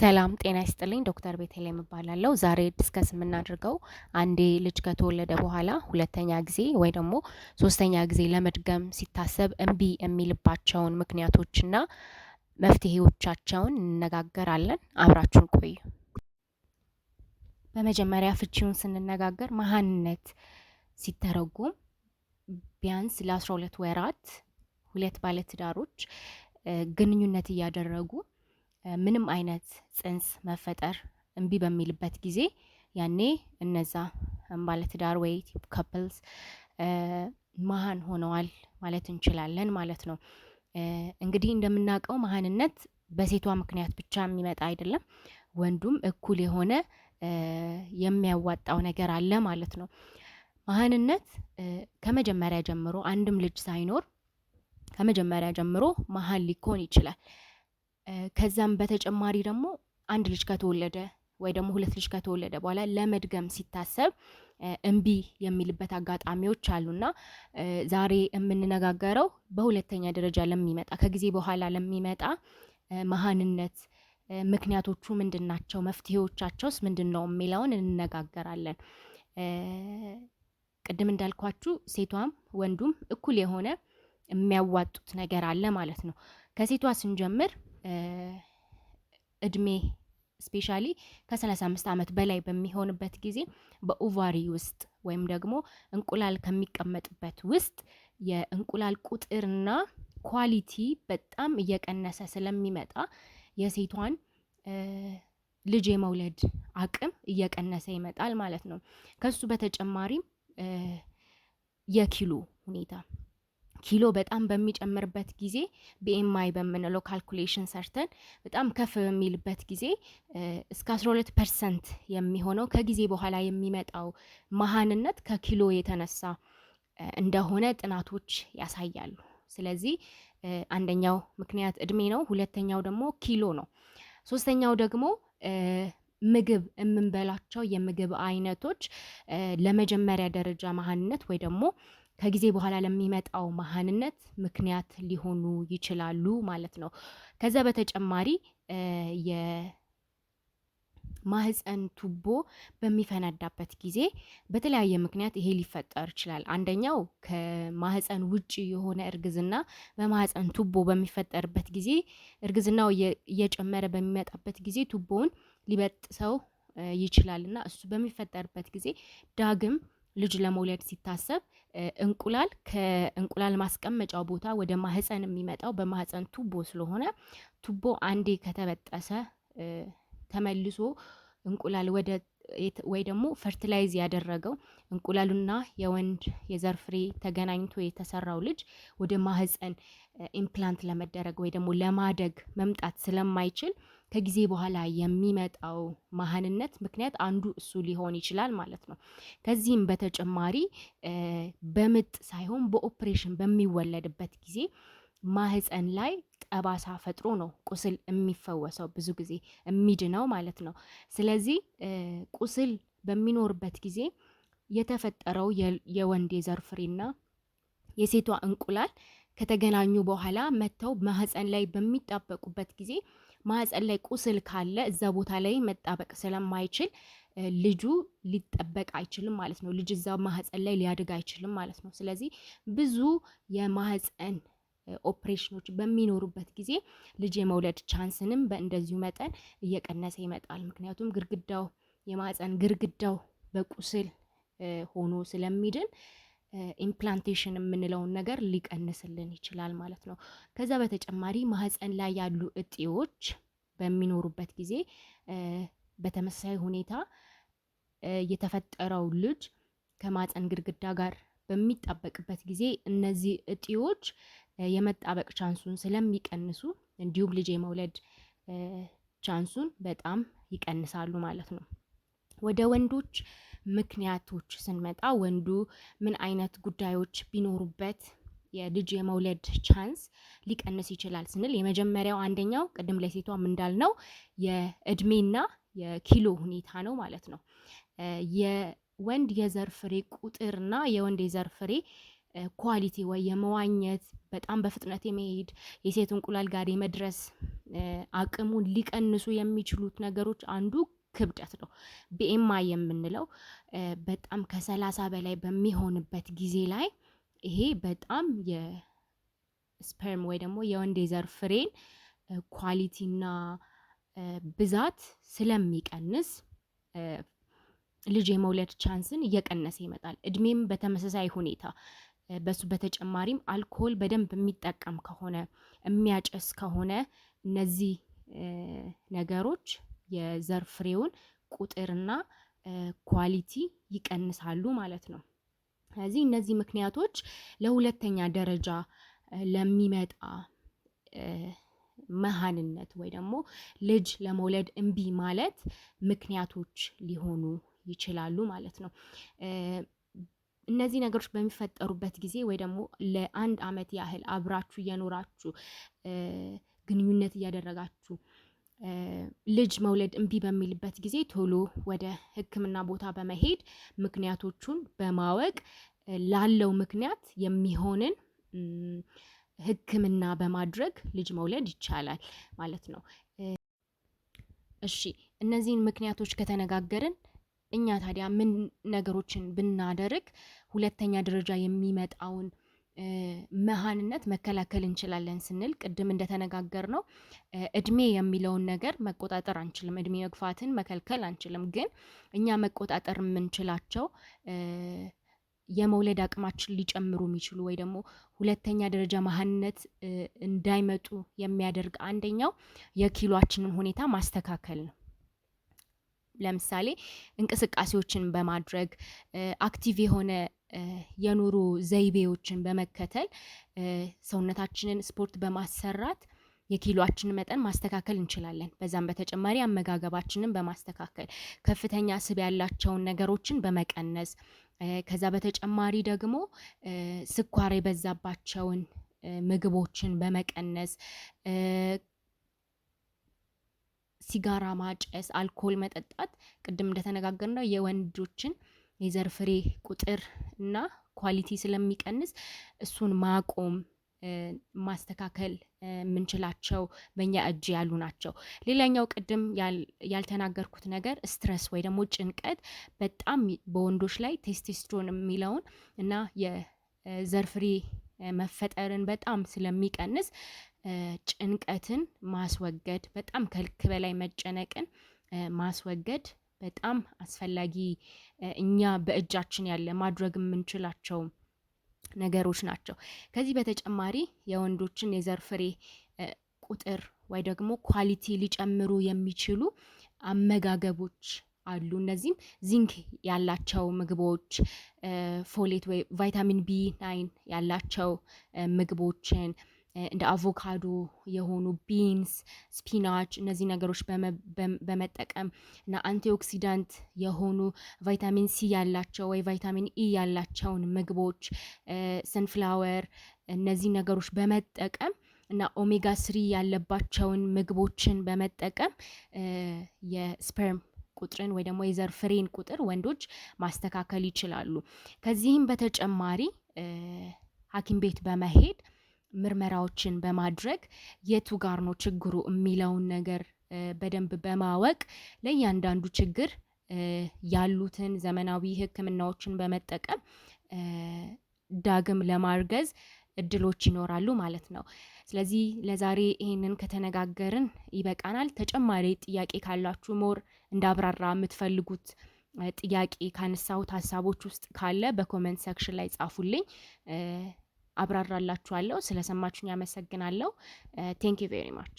ሰላም ጤና ይስጥልኝ። ዶክተር ቤተልሔም እባላለሁ። ዛሬ ዲስከስ የምናደርገው አንዴ ልጅ ከተወለደ በኋላ ሁለተኛ ጊዜ ወይ ደግሞ ሶስተኛ ጊዜ ለመድገም ሲታሰብ እምቢ የሚልባቸውን ምክንያቶችና መፍትሄዎቻቸውን እንነጋገራለን። አብራችሁን ቆዩ። በመጀመሪያ ፍቺውን ስንነጋገር መሀንነት ሲተረጉም ቢያንስ ለአስራ ሁለት ወራት ሁለት ባለትዳሮች ግንኙነት እያደረጉ ምንም አይነት ጽንስ መፈጠር እምቢ በሚልበት ጊዜ ያኔ እነዛ ባለትዳር ወይ ካፕልስ መሀን ሆነዋል ማለት እንችላለን ማለት ነው። እንግዲህ እንደምናውቀው መሀንነት በሴቷ ምክንያት ብቻ የሚመጣ አይደለም። ወንዱም እኩል የሆነ የሚያዋጣው ነገር አለ ማለት ነው። መሀንነት ከመጀመሪያ ጀምሮ አንድም ልጅ ሳይኖር ከመጀመሪያ ጀምሮ መሀን ሊኮን ይችላል። ከዛም በተጨማሪ ደግሞ አንድ ልጅ ከተወለደ ወይ ደግሞ ሁለት ልጅ ከተወለደ በኋላ ለመድገም ሲታሰብ እምቢ የሚልበት አጋጣሚዎች አሉና ዛሬ የምንነጋገረው በሁለተኛ ደረጃ ለሚመጣ ከጊዜ በኋላ ለሚመጣ መሀንነት ምክንያቶቹ ምንድን ናቸው? መፍትሄዎቻቸውስ ምንድን ነው የሚለውን እንነጋገራለን። ቅድም እንዳልኳችሁ ሴቷም ወንዱም እኩል የሆነ የሚያዋጡት ነገር አለ ማለት ነው። ከሴቷ ስንጀምር እድሜ ስፔሻሊ ከ35 ዓመት በላይ በሚሆንበት ጊዜ በኡቫሪ ውስጥ ወይም ደግሞ እንቁላል ከሚቀመጥበት ውስጥ የእንቁላል ቁጥርና ኳሊቲ በጣም እየቀነሰ ስለሚመጣ የሴቷን ልጅ የመውለድ አቅም እየቀነሰ ይመጣል ማለት ነው። ከሱ በተጨማሪም የኪሎ ሁኔታ ኪሎ በጣም በሚጨምርበት ጊዜ ቢኤምአይ በምንለው ካልኩሌሽን ሰርተን በጣም ከፍ በሚልበት ጊዜ እስከ 12 ፐርሰንት የሚሆነው ከጊዜ በኋላ የሚመጣው መሀንነት ከኪሎ የተነሳ እንደሆነ ጥናቶች ያሳያሉ። ስለዚህ አንደኛው ምክንያት እድሜ ነው። ሁለተኛው ደግሞ ኪሎ ነው። ሶስተኛው ደግሞ ምግብ የምንበላቸው የምግብ አይነቶች ለመጀመሪያ ደረጃ መሀንነት ወይ ደግሞ ከጊዜ በኋላ ለሚመጣው መሀንነት ምክንያት ሊሆኑ ይችላሉ ማለት ነው። ከዛ በተጨማሪ የማህፀን ቱቦ በሚፈነዳበት ጊዜ በተለያየ ምክንያት ይሄ ሊፈጠር ይችላል። አንደኛው ከማህፀን ውጪ የሆነ እርግዝና በማህፀን ቱቦ በሚፈጠርበት ጊዜ እርግዝናው እየጨመረ በሚመጣበት ጊዜ ቱቦውን ሊበጥሰው ይችላል እና እሱ በሚፈጠርበት ጊዜ ዳግም ልጅ ለመውለድ ሲታሰብ እንቁላል ከእንቁላል ማስቀመጫው ቦታ ወደ ማህፀን የሚመጣው በማህፀን ቱቦ ስለሆነ ቱቦ አንዴ ከተበጠሰ ተመልሶ እንቁላል ወደ ወይ ደግሞ ፈርትላይዝ ያደረገው እንቁላሉና የወንድ የዘር ፍሬ ተገናኝቶ የተሰራው ልጅ ወደ ማህፀን ኢምፕላንት ለመደረግ ወይ ደግሞ ለማደግ መምጣት ስለማይችል ከጊዜ በኋላ የሚመጣው መሀንነት ምክንያት አንዱ እሱ ሊሆን ይችላል ማለት ነው። ከዚህም በተጨማሪ በምጥ ሳይሆን በኦፕሬሽን በሚወለድበት ጊዜ ማህፀን ላይ ጠባሳ ፈጥሮ ነው ቁስል የሚፈወሰው ብዙ ጊዜ የሚድነው ማለት ነው። ስለዚህ ቁስል በሚኖርበት ጊዜ የተፈጠረው የወንድ የዘር ፍሬና የሴቷ እንቁላል ከተገናኙ በኋላ መጥተው ማህፀን ላይ በሚጣበቁበት ጊዜ ማህፀን ላይ ቁስል ካለ እዛ ቦታ ላይ መጣበቅ ስለማይችል ልጁ ሊጠበቅ አይችልም ማለት ነው። ልጅ እዛ ማህፀን ላይ ሊያድግ አይችልም ማለት ነው። ስለዚህ ብዙ የማህፀን ኦፕሬሽኖች በሚኖሩበት ጊዜ ልጅ የመውለድ ቻንስንም በእንደዚሁ መጠን እየቀነሰ ይመጣል። ምክንያቱም ግርግዳው የማህፀን ግርግዳው በቁስል ሆኖ ስለሚድን ኢምፕላንቴሽን የምንለውን ነገር ሊቀንስልን ይችላል ማለት ነው። ከዛ በተጨማሪ ማህፀን ላይ ያሉ እጢዎች በሚኖሩበት ጊዜ በተመሳሳይ ሁኔታ የተፈጠረው ልጅ ከማህፀን ግድግዳ ጋር በሚጣበቅበት ጊዜ እነዚህ እጢዎች የመጣበቅ ቻንሱን ስለሚቀንሱ እንዲሁም ልጅ የመውለድ ቻንሱን በጣም ይቀንሳሉ ማለት ነው። ወደ ወንዶች ምክንያቶች ስንመጣ ወንዱ ምን አይነት ጉዳዮች ቢኖሩበት የልጅ የመውለድ ቻንስ ሊቀንስ ይችላል ስንል የመጀመሪያው አንደኛው ቅድም ላይ ሴቷም እንዳልነው የእድሜና የኪሎ ሁኔታ ነው ማለት ነው። የወንድ የዘር ፍሬ ቁጥርና የወንድ የዘር ፍሬ ኳሊቲ ወይ የመዋኘት በጣም በፍጥነት የመሄድ የሴት እንቁላል ጋር የመድረስ አቅሙን ሊቀንሱ የሚችሉት ነገሮች አንዱ ክብደት ነው። ቢኤምአይ የምንለው በጣም ከሰላሳ በላይ በሚሆንበት ጊዜ ላይ ይሄ በጣም የስፐርም ወይ ደግሞ የወንድ የዘር ፍሬን ኳሊቲና ብዛት ስለሚቀንስ ልጅ የመውለድ ቻንስን እየቀነሰ ይመጣል። እድሜም በተመሳሳይ ሁኔታ በሱ በተጨማሪም አልኮል በደንብ የሚጠቀም ከሆነ የሚያጨስ ከሆነ እነዚህ ነገሮች የዘር ፍሬውን ቁጥርና ኳሊቲ ይቀንሳሉ ማለት ነው። ስለዚህ እነዚህ ምክንያቶች ለሁለተኛ ደረጃ ለሚመጣ መሀንነት ወይ ደግሞ ልጅ ለመውለድ እምቢ ማለት ምክንያቶች ሊሆኑ ይችላሉ ማለት ነው። እነዚህ ነገሮች በሚፈጠሩበት ጊዜ ወይ ደግሞ ለአንድ ዓመት ያህል አብራችሁ እየኖራችሁ ግንኙነት እያደረጋችሁ ልጅ መውለድ እምቢ በሚልበት ጊዜ ቶሎ ወደ ሕክምና ቦታ በመሄድ ምክንያቶቹን በማወቅ ላለው ምክንያት የሚሆንን ሕክምና በማድረግ ልጅ መውለድ ይቻላል ማለት ነው። እሺ እነዚህን ምክንያቶች ከተነጋገርን እኛ ታዲያ ምን ነገሮችን ብናደርግ ሁለተኛ ደረጃ የሚመጣውን መሃንነት መከላከል እንችላለን ስንል ቅድም እንደተነጋገር ነው እድሜ የሚለውን ነገር መቆጣጠር አንችልም። እድሜ መግፋትን መከልከል አንችልም። ግን እኛ መቆጣጠር የምንችላቸው የመውለድ አቅማችን ሊጨምሩ የሚችሉ ወይ ደግሞ ሁለተኛ ደረጃ መሃንነት እንዳይመጡ የሚያደርግ አንደኛው የኪሏችንን ሁኔታ ማስተካከል ነው። ለምሳሌ እንቅስቃሴዎችን በማድረግ አክቲቭ የሆነ የኑሮ ዘይቤዎችን በመከተል ሰውነታችንን ስፖርት በማሰራት የኪሎአችንን መጠን ማስተካከል እንችላለን። በዛም በተጨማሪ አመጋገባችንን በማስተካከል ከፍተኛ ስብ ያላቸውን ነገሮችን በመቀነስ ከዛ በተጨማሪ ደግሞ ስኳር የበዛባቸውን ምግቦችን በመቀነስ ሲጋራ ማጨስ፣ አልኮል መጠጣት ቅድም እንደተነጋገርነው የወንዶችን የዘር ፍሬ ቁጥር እና ኳሊቲ ስለሚቀንስ እሱን ማቆም ማስተካከል የምንችላቸው በእኛ እጅ ያሉ ናቸው። ሌላኛው ቅድም ያልተናገርኩት ነገር ስትረስ ወይ ደግሞ ጭንቀት በጣም በወንዶች ላይ ቴስቴስትሮን የሚለውን እና የዘርፍሬ መፈጠርን በጣም ስለሚቀንስ ጭንቀትን ማስወገድ በጣም ከልክ በላይ መጨነቅን ማስወገድ በጣም አስፈላጊ እኛ በእጃችን ያለ ማድረግ የምንችላቸው ነገሮች ናቸው። ከዚህ በተጨማሪ የወንዶችን የዘር ፍሬ ቁጥር ወይ ደግሞ ኳሊቲ ሊጨምሩ የሚችሉ አመጋገቦች አሉ። እነዚህም ዚንክ ያላቸው ምግቦች፣ ፎሌት ወይ ቫይታሚን ቢ ናይን ያላቸው ምግቦችን እንደ አቮካዶ የሆኑ ቢንስ፣ ስፒናች e እነዚህ ነገሮች በመጠቀም እና አንቲኦክሲዳንት የሆኑ ቫይታሚን ሲ ያላቸው ወይ ቫይታሚን ኢ ያላቸውን ምግቦች ሰንፍላወር እነዚህ ነገሮች በመጠቀም እና ኦሜጋ ስሪ ያለባቸውን ምግቦችን በመጠቀም የስፐርም ቁጥርን ወይ ደግሞ የዘር ፍሬን ቁጥር ወንዶች ማስተካከል ይችላሉ። ከዚህም በተጨማሪ ሐኪም ቤት በመሄድ ምርመራዎችን በማድረግ የቱ ጋር ነው ችግሩ የሚለውን ነገር በደንብ በማወቅ ለእያንዳንዱ ችግር ያሉትን ዘመናዊ ሕክምናዎችን በመጠቀም ዳግም ለማርገዝ እድሎች ይኖራሉ ማለት ነው። ስለዚህ ለዛሬ ይሄንን ከተነጋገርን ይበቃናል። ተጨማሪ ጥያቄ ካላችሁ ሞር እንዳብራራ የምትፈልጉት ጥያቄ ካነሳሁት ሀሳቦች ውስጥ ካለ በኮመንት ሰክሽን ላይ ጻፉልኝ። አብራራላችኋለሁ። ስለሰማችሁኝ ያመሰግናለሁ። ቴንክ ዩ ቬሪ ማች